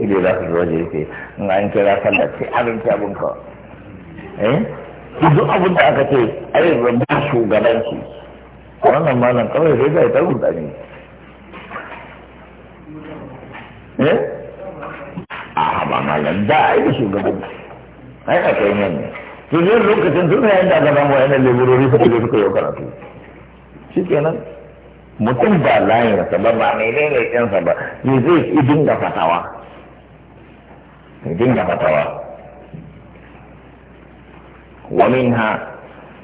ile za ka waje yake in an kira sallah ce abinci abin ka eh duk abin da aka ce ai ba shugabanci wannan malam kawai sai zai ita rubuta ne eh a ba malam da ai da shugabanci ai aka yi ne to ne lokacin tun yayin da aka samu wayannan leburori suka je suka yi karatu shikenan mutum ba layin sa ba ba menene ɗinsa ba ne zai idin da fatawa dinga fatawa wamin ha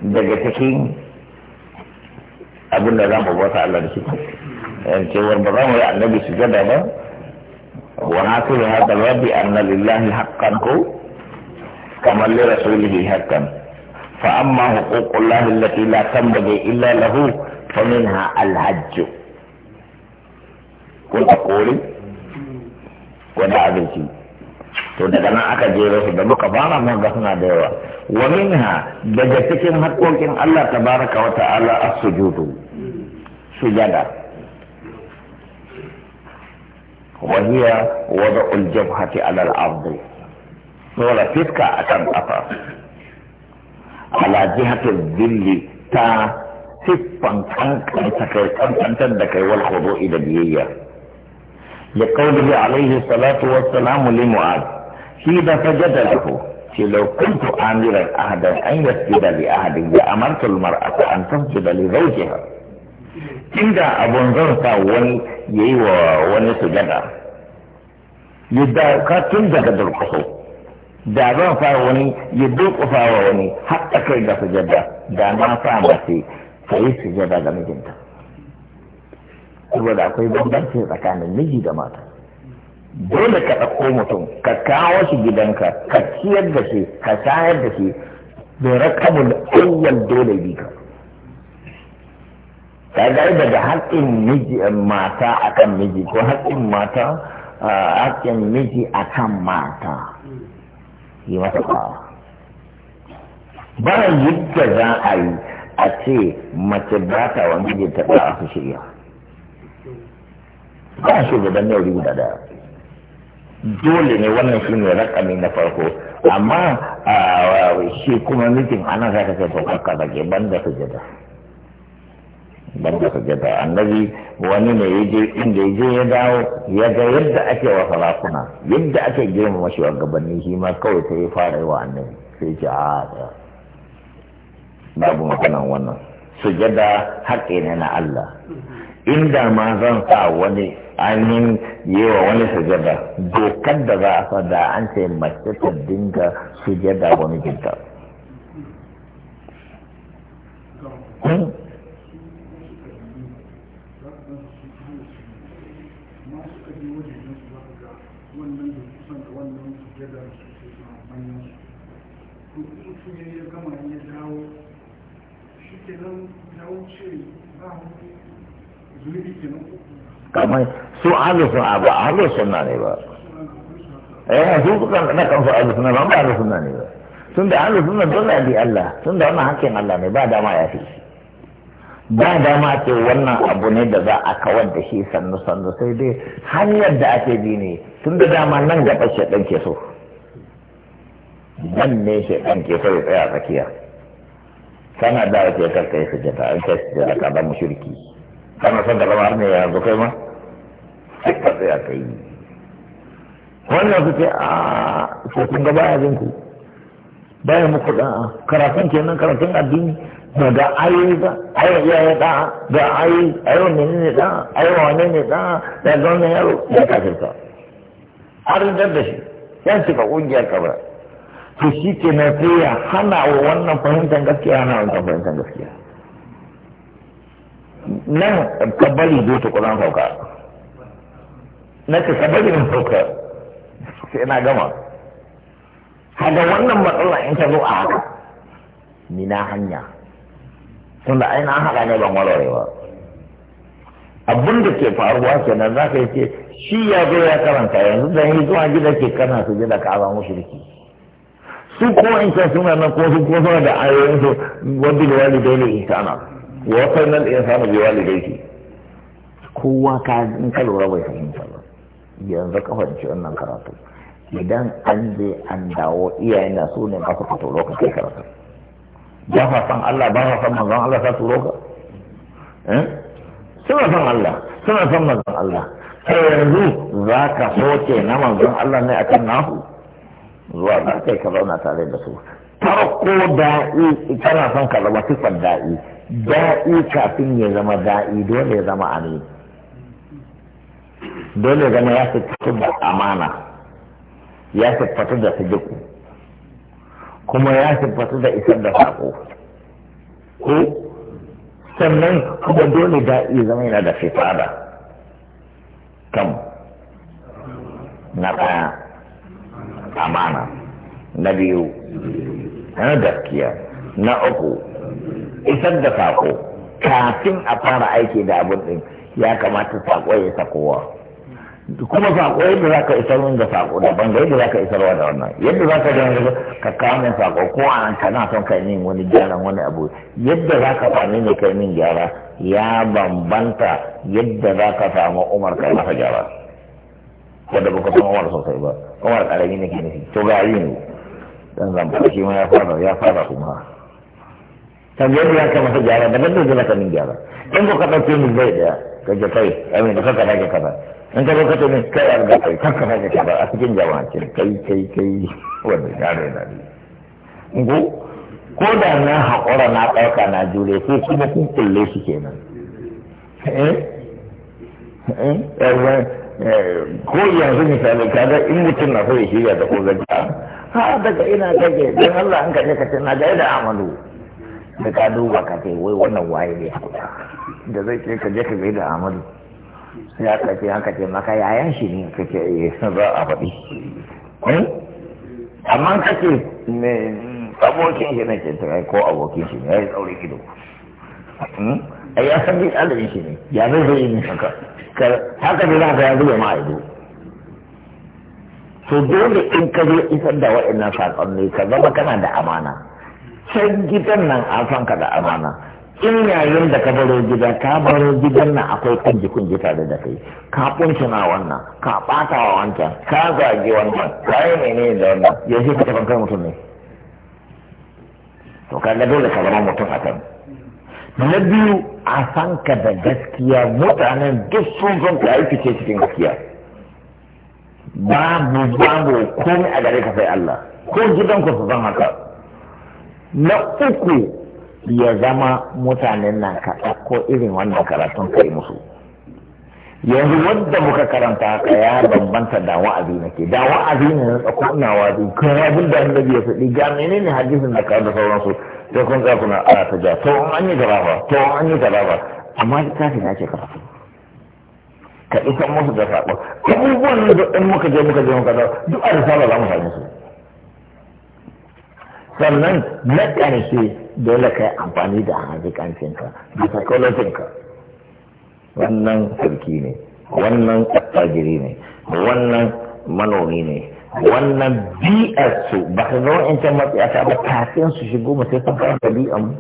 daga cikin abin da za mu bauta Allah da shi eh, cewar ba za mu yi annabi su gada ba wa hasiru hada rabbi anna lillahi haqqan ko kamar li rasulihi haqqan fa amma huququllahi allati la tanbaghi illa lahu fa minha alhajj kun ta kori wani abinci to daga nan aka jero shi da muka fara mun ga suna da yawa wa minha daga cikin hakokin Allah tabaraka wa ta'ala as-sujudu sujada wa hiya wada'ul jabhati 'ala al-ard wala fitka akan kafa ala jihati dhilli ta siffan kan kai ta kai kankantar da kai wal khudu'i da biyayya لقوله عليه الصلاة والسلام لمعاذ shi da sajada lahu ce lau kuntu amiran ahadan an yasjuda da ahadin ya amartu almar'ata an tasjuda li zawjiha da abun zan sa wani ya yi wa wani sujada yadda ka tun daga da zan sa wani ya durkusa wa wani har ta da ga da na sa mace ta yi sujada ga mijinta saboda akwai bambanci tsakanin miji da mata dole ka ɗauko mutum ka kawo shi gidanka ka ciyar da shi ka shayar da shi da rakamun awwal dole bi ka gari daga haƙƙin miji eh, mata akan miji ko haƙƙin mata eh, haƙƙin miji akan mata yi masa kawo ba yadda za a yi a ce mace ba ta wa mijinta ba a su shirya ba shi gudan yau da daya dole ne wannan shi ne rakami na farko amma shi kuma nufin ana za ka ce to da ke banda sujada banda sujada annabi wani ne ya je inda ya je ya dawo ya ga yadda ake wa sarakuna yadda ake girmama wa gabanin shi ma kawai sai ya fara yi wa annabi sai ce a babu maganan wannan sujada haƙƙi ne na Allah inda ma zan sa wani ainihin wa wani sujada dokar da za a fada an ce mace ta dinga sujada wani jinta hmm? shi ke nan ba ke nan kamar su ahlus sunna ba ahlus sunna ne ba eh su kan na kan su ahlus sunna ba ba ahlus sunna ne ba tun da ahlus sunna dole a bi Allah tun da wannan hakkin Allah ne ba dama ya fi ba dama ce wannan abu ne da za a kawar da shi sannu sannu sai dai hanyar da ake bi ne tun da dama nan gaba ɗan ke so nan ne shi ɗan ke so ya tsaya tsakiya sana da wace karka yi jata an kai sujata ka ba mushriki kana son da zama ne ya zo kai ma sai ka tsaya ka yi wannan su ce a ah, su kun ga baya jin ku baya muku da ah, karatun kenan karatun addini ba ga ayi ba ayi ya da ga ayi ayi ne ne da ayi wa ne da da ga wannan yaro ya kafirta har da da shi ya ba kungiyar kabra to shi ke na sai ya hana wannan fahimtar gaskiya hana wannan fahimtar gaskiya nan ka bari zo ta kuran sauka na ce ka bari sauka sai na gama haga wannan matsala in ta zo a haka ni na hanya tunda ai na haka ne ban warware ba abin da ke faruwa kenan za ka yi ce shi ya zo ya karanta yanzu dan yi zuwa gida ke kana su gida ka ba mushriki su kuma in kan suna nan ko su kuma suna da ayoyin su wadda da wani dole in sana wa wasannan insanu bi walidayhi kowa ka in ka lura bai fahimta ba yanzu ka ci wannan karatu idan an je an dawo iyayen da su ne masu fito lokacin karatu ba sa san Allah ba sa san manzon Allah sa turo ka suna san Allah suna san manzon Allah sai yanzu za ka soke na manzon Allah ne akan nahu zuwa za ka yi ka zauna tare da su farko da'i kana son ka zama sifar da'i da'i kafin ya zama da'i dole ya zama amin dole ya zama ya siffatu da amana ya siffatu da sidiku kuma ya siffatu da isar da sako ko sannan kuma dole da'i zama yana da fitada kam na ɗaya amana na biyu na gaskiya na uku isar da sako kafin a fara aiki da abun din ya kamata sako ya sakowa kuma sako yadda za ka isar min da sako daban banga yadda za ka isarwa da wannan yadda za ka gani ka kawo sako ko a kana son kai min wani gyaran wani abu yadda za ka sami ne kai min gyara ya bambanta yadda za ka samu umar kai masa gyara wanda baka san umar sosai ba umar karami ne ke nufi to ga yi ne dan zamba shi ma ya fara ya fara kuma ka ga yadda ya kamata gyara da gaddo da kamin gyara in ko ka dauke min bai daya ka je kai amin da kanka ke kaza in ka lokacin ne kai arga kai kanka ke kaza a cikin jama'a ce kai kai kai wanda gyara da ni ngo ko da na haƙura na ɗauka na jure ko kuma kun kulle shi kenan eh ko eh? yanzu eh, misali kaga in mutum na so ya shirya da ko gajiya ha daga ina kake don Allah an kaje ka ce na ga yadda Amadu. da ka duba ka ce wai wannan waye ne da zai ce ka je ka gaida amadu Ya kace ce ce maka yayan shi ne ka ce eh za a faɗi eh? amma ka ce abokin shi ne ce ta ko abokin shi ne ya yi tsauri ido hmm? a ya san bi ɗalibin shi ne ya zai zai yi haka haka ne za ka yanzu ya ma ido to dole in ka zo isar da waɗannan ne ka zama kana da amana can gidan nan a san ka da amana in yayin da ka baro gida ka baro gidan nan akwai kunji kunji tare da kai ka kuncina wannan ka bata wa wancan ka zage wannan ka yi mene da wannan yanzu ka kai mutum ne to ka ga dole ka zama mutum a kan na biyu a san da gaskiya mutanen duk sun san ka yi fice cikin gaskiya babu babu komai a gare ka sai Allah ko gidan ku su zan haka na uku ya zama mutanen nan ka ɗauko irin wannan karatun kai musu yanzu wadda muka karanta haka ya bambanta da wa'azi ke da wa'azi ne na tsakon na wa'azi kan abin da annabi ya faɗi ga ne hadisin da kawo da sauransu sai kun ku na ara ta ja to an yi gaba to an yi gaba amma littafi na ce karatu ka isan musu da saƙo abubuwan da in muka je muka je muka zo duk a risala za mu sami su sannan na ƙarshe dole ka yi amfani da haziƙancinka da sakolotinka wannan sarki ne wannan tsagiri ne wannan manomi ne wannan bi'ar su ba ka zama in can matsayata ba kafin su shigo mu sai sun fara bi'ar mu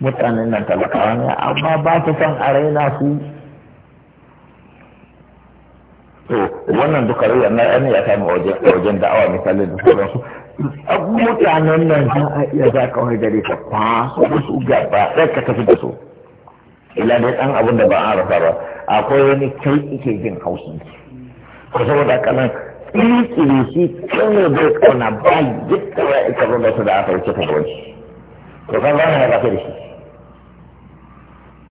mutanen nan talakawa ne amma ba su son a raina su to wannan duka rayuwar na ya samu wajen da'awa misalin da sauransu abu mutanen nan za a iya za ka wani gare ka kwaso da su gaba ɗaya ka tafi da su ila dai ɗan abin da ba a rasa ba akwai wani kai ike jin haushi ko saboda kanan tsiri shi kawai bai kauna ba yadda ya ita da su da aka wuce ta gwani to kan zama ya da shi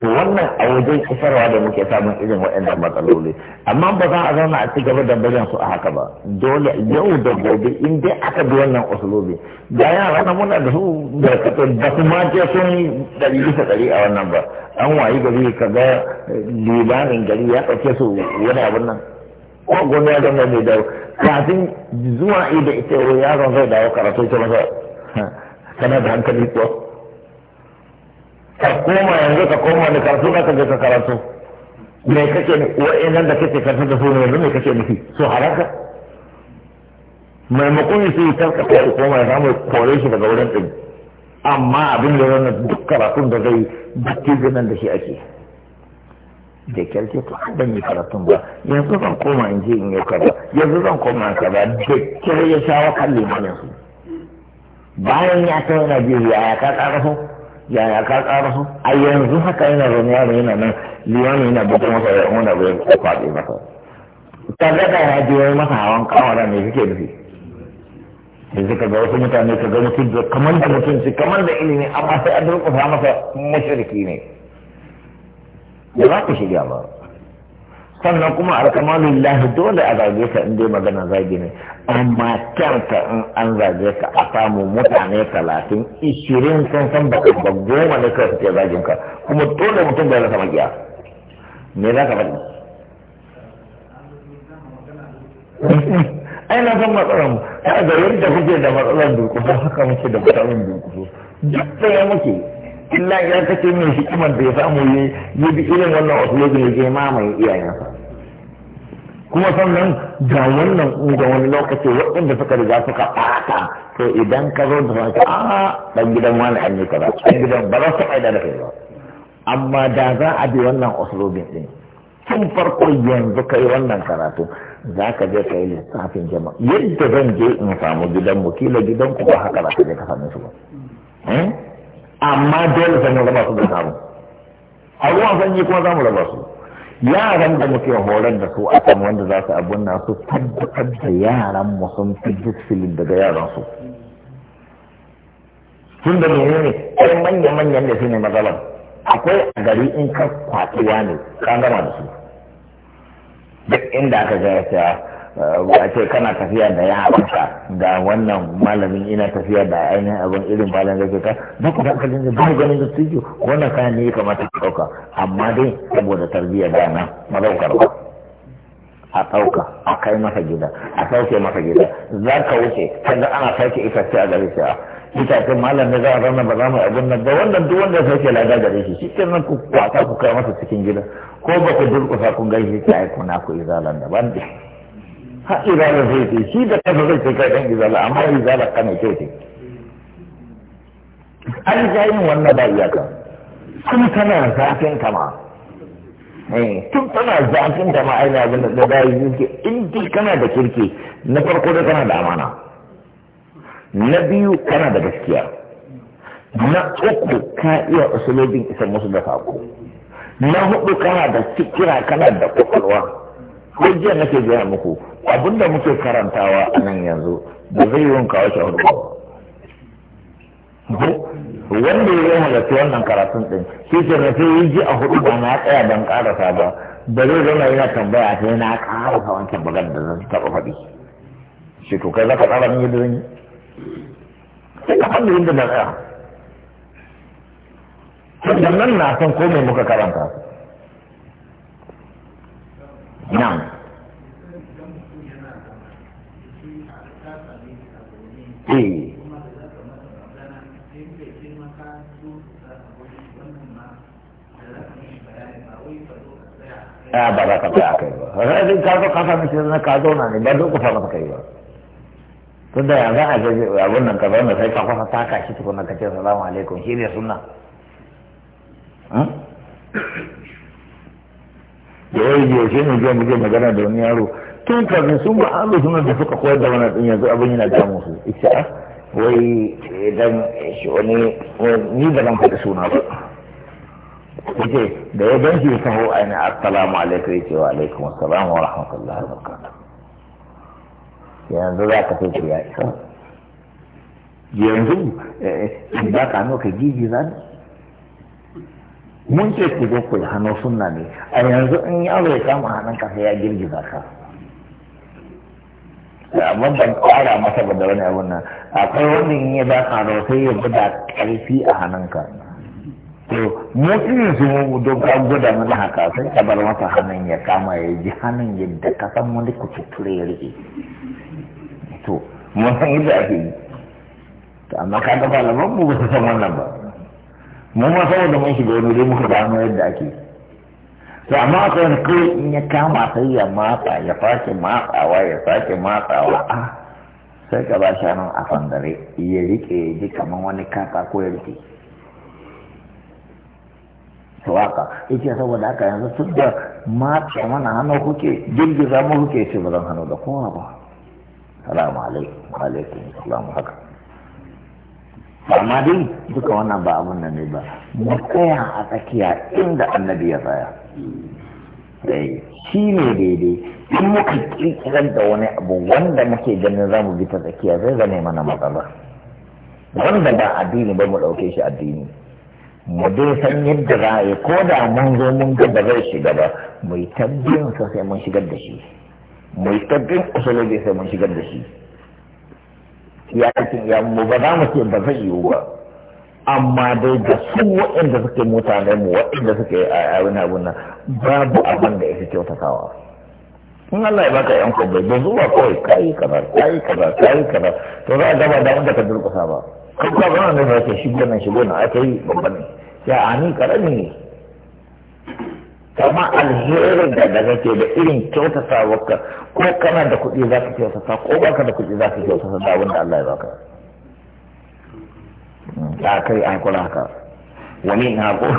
to wannan a wajen isarwa da muke samun irin waɗannan matsaloli amma ba za a zauna a ci gaba da bayan su a haka ba dole yau da gobe in dai aka bi wannan usulobi da yara na muna da su da kato ba su ma je sun ɗari bisa ɗari a wannan ba an wayi gari ka ga libanin gari ya ɗauke su wani abin nan ko ya zama mai dawo kafin zuwa ida ita yaro zai dawo karatu ita masa kana da hankali kuwa ka koma yanzu ka koma da karatu ka je ka karatu me kake idan da kake karatu da sunan yanzu me kake nufi so haraka maimakon su yi karkata ya koma ya samu kore shi daga wurin ɗin amma abin da wannan duk karatun da zai baki ganin da shi ake da kyarke to an ban yi karatun ba yanzu zan koma in je in yi kaza yanzu zan koma in kaza da kyar ya shawo kan limanin su bayan ya ta yana biyu ya ka karaso yaya ka tsara su a yanzu haka yana zama yaro yana nan limamin yana bugun masa da wani abu ya kwaɗe masa ta daga ya je wai masa hawan kawara ne suke nufi yanzu ka ga wasu mutane ka ga mutum da kamar da mutunci kamar da ilimi amma sai a durƙusa masa mashirki ne ba za ku shiga ba sannan kuma alkamalin lahi dole a zage a in dai magana zage ne amma kyarta in an zage ka a samu mutane talatin ishirin sun san ba ba goma ne kawai suke zagin ka kuma dole mutum bai rasa magiya me za ka faɗi ai na san matsalar mu da yadda kuke da matsalar durkusu haka muke da matsalar durkusu duk ɗaya muke illa ya take mai hikimar da ya samu ne ya bi irin wannan wasu ya je mamaye iyayensa kuma sannan ga wannan ga wani lokaci waɗanda suka riga suka ɓata to idan ka zo da sanata a ɗan gidan wani an yi kaza ɗan gidan ba za su aida da kai ba amma da za a bi wannan usulobin ɗin tun farko yanzu kai wannan karatu za ka je ka yi lissafin jama'a yadda zan je in samu mu, kila gidanku ba haka za ka je ka same su ba hmm? amma dole sai mu raba su da samu a ruwan sanyi kuma za mu raba su yaran da muke horar da su akan wanda za su abun na su tabbatar da yaran mu sun fi disfilin daga yaran su tun da menene ɗan manya-manyan da su ne matsalar akwai a gari in ka kwaɗuwa ne ka gama da su duk inda aka gaya ta a ce kana tafiya da yaranka da wannan malamin ina tafiya da ainihin abin irin malam da ke ka ba ku da kalin da ba ganin da tuju wannan kayan ne ya kamata ka ɗauka amma dai saboda tarbiyya da nan malaukar ba a ɗauka a kai masa gida a sauke masa gida za ka wuce kaga ana sauke itace a gare shi ce malam da za a zama ba za mu abin nan da wannan duk wanda ya sauke lada gare shi shi ke nan ku kwata ku kai masa cikin gida ko ba ku durƙusa kun gaishe ta aiko na ku izalan da har na zai shi da kansa zai ce kai izala amma izala kana kyau ce an ja yin wannan ba iyaka kuma tana zafin kama tun tana zafin kama eh, aini abin da da yi ke in dai kana da kirki na farko da kana da amana na biyu kana da gaskiya na uku ka iya usulobin isa musu da saƙo, na hudu kana da fikira kana da kwakwalwa jiya nake gaya muku abinda muke karantawa a nan yanzu da zai yi kawo shi hudu wanda ya yi halarci wannan karatun din shi ke na sai yi ji a hudu ba na tsaya don karasa ba da zai zama yana tambaya sai na karasa wancan bagar da zan taɓa faɗi shi to kai za ka tsara ni da zan yi sai ka yin da na tsaya sannan nan na san ko me muka karanta nan. eh a ah, ba za ka tsaya kai ba rabin ka zo ka sami na ka zauna ne ba duk kusa masa kai ba tun da yanzu a gaji abin nan ka zauna sai ka kwasa taka shi tukuna ka ce salamu alaikum shi ne suna. Hmm? da ya yi yaushe ne zai muje magana da wani yaro tun kafin sun ba an suna da suka koyar da wani ɗin yanzu abin yana damu su ita wai idan shi wani ni da ban faɗi suna ba kuke da ya gan ya taho hau aini assalamu alaikum ya ce wa alaikum assalam wa rahmatullah wa barakatuh yanzu za ka sai ya isa yanzu eh, ba ka nuka gigi za mun ce ku zo ku yi hannu sunna ne a yanzu in yaro ya kama hannun ka sai ya girgiza ka amma ban kara masa ba da wani abun nan akwai wani in ya baka hannu sai ya guda karfi a hannun ka to mu irin su mu don ka guda mana haka sai ka bar masa hannun ya kama ya ji hannun yadda ka san wani ku tutture ya rike to mun san yadda ake yi amma ka ga malaman mu ba su san wannan ba mu ma saboda mun shiga wani wuri muka gano yadda ake to amma akwai wani kai in ya kama sai ya matsa ya sake matsawa ya sake matsawa a ah, sai ka ba shi hannun a fandare ya rike ya ji kamar wani kaka ko ya rike to haka yace saboda haka yanzu tun da matsa mana hannu kuke girgiza mu kuke ce ba zan hannu da kowa ba salamu alaikum alaikum salam haka amma dai duka wannan ba abun nan ne ba mu tsaya a tsakiya inda annabi ya tsaya eh, shi ne daidai in muka kirkirar da wani abu wanda muke ganin za mu bi ta tsakiya zai zane mana matsala wanda ba addini ba mu ɗauke shi addini mu dai san yadda za a yi ko da mun zo mun ga da zai shiga ba mu yi tabbin sai mun shigar da shi mu yi tabbin sai mun shigar da shi ya aikin ya ba za mu ce ba zai yiwu ba amma dai da su waɗanda suke mutanen mu waɗanda suke a yawon abin nan babu abin da yake kyautatawa in Allah ya baka yan kwabai da zuwa kawai kayi kaza kayi kaza kayi kaza to za a gaba da wanda ka durƙusa ba kan ka zama ne ba ke shigo nan shigo nan aka yi babban ne ya ani karami ne kama alherin da daga ke da irin kyautata wakka ko kana da kuɗi za ka kyautata ko baka da kuɗi za ka kyautata da wanda Allah ya baka ta hmm, kai an kula ka wani na ko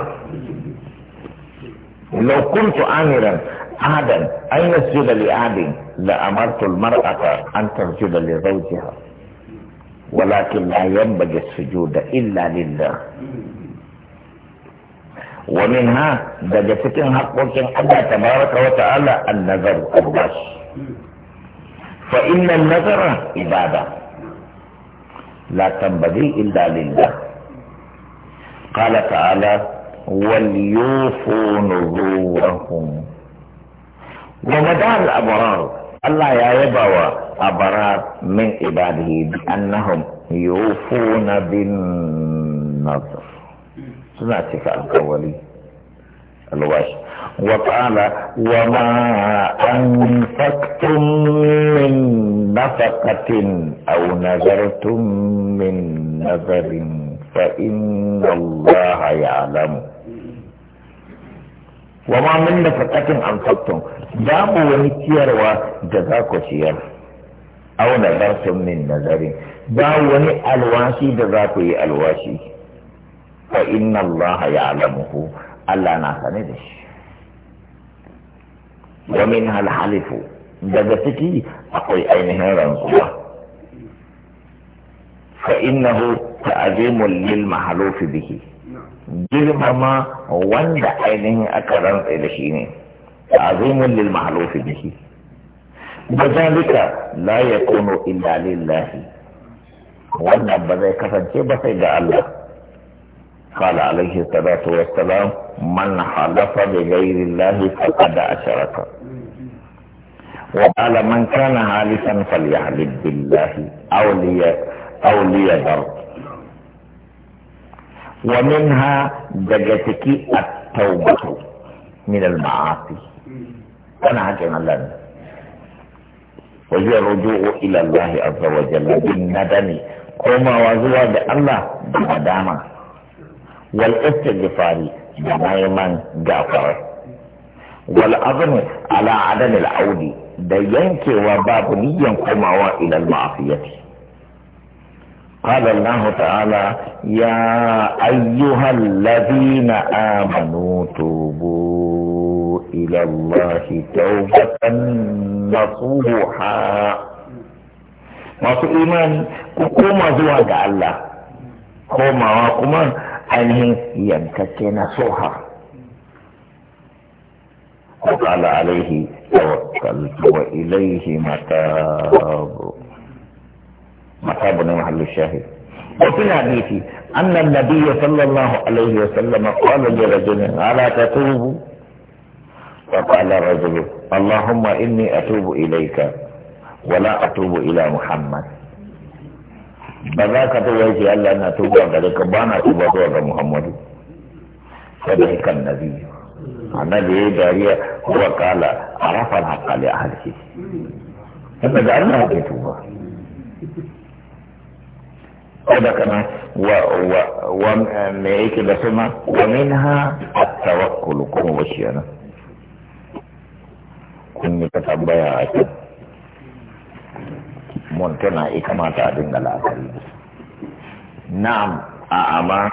لو كنت آمرا عادا أن يسجد لعاد لأمرت المرأة أن تسجد لزوجها ولكن لا ينبغي السجود إلا لله ومنها دجا سكن حق وكن الله تبارك وتعالى النظر الباش فإن النظر عبادة لا تنبغي إلا لله قال تعالى وليوفوا نذورهم ومدار الأبرار الله يا يبوى أبرار من عباده بأنهم يوفون بالنظر سمعتك cika alkawali وقال وما أنفقتم من نفقة أو نذرتم من نذر فإن الله يعلم وما من نفقة أنفقتم دام ونكير وجزاك وشير أو نذرتم من نذر دام وني الواشي جزاك الواشي wa inna Allah ya alamuhu Allah na sane da shi wa min hal halifu daga ciki akwai ainihin rantsuwa fa innahu ta'zimul lil mahalufi bihi girmama wanda ainihin aka rantsa da shi ne ta'zimul lil mahalufi bihi bazalika la yakunu illa lillahi wannan ba zai kasance ba sai ga Allah قال عليه الصلاة والسلام من حلف بغير الله فقد أشرك وقال من كان حالفا فليحلف بالله أو لي أو ليذر ومنها دجتك التوبة من المعاصي أنا عجم لنا وهي الرجوع إلى الله عز وجل بالندم كما وزوى بما بندامه والاستغفار ما يمان جعفر والأظن على عدم العود دينك وباب نيان قموا إلى المعصية قال الله تعالى يا أيها الذين آمنوا توبوا إلى الله توبة نصوحا ما في إيمان كما زوا الله كما وكما عنه يمتكن na وقال عليه توكلت وإليه متاب متاب محل الشاهد وفي الحديث أن النبي صلى الله عليه وسلم قال لرجل ألا تتوب فقال الرجل اللهم إني أتوب إليك ولا أتوب إلى محمد ba za ka tuba yake Allah na tuba gare ka ba na tuba zuwa ga Muhammadu sai kan nabi annabi ya dariya wa kala arafa na kale a harshe inda ga Allah ke tuba kada kana wa wa wa me yake da suna wa minha at-tawakkul kuma washiyana kun yi ta tambaya a cikin mun tana ita mata a dinga la'akari na'am a amma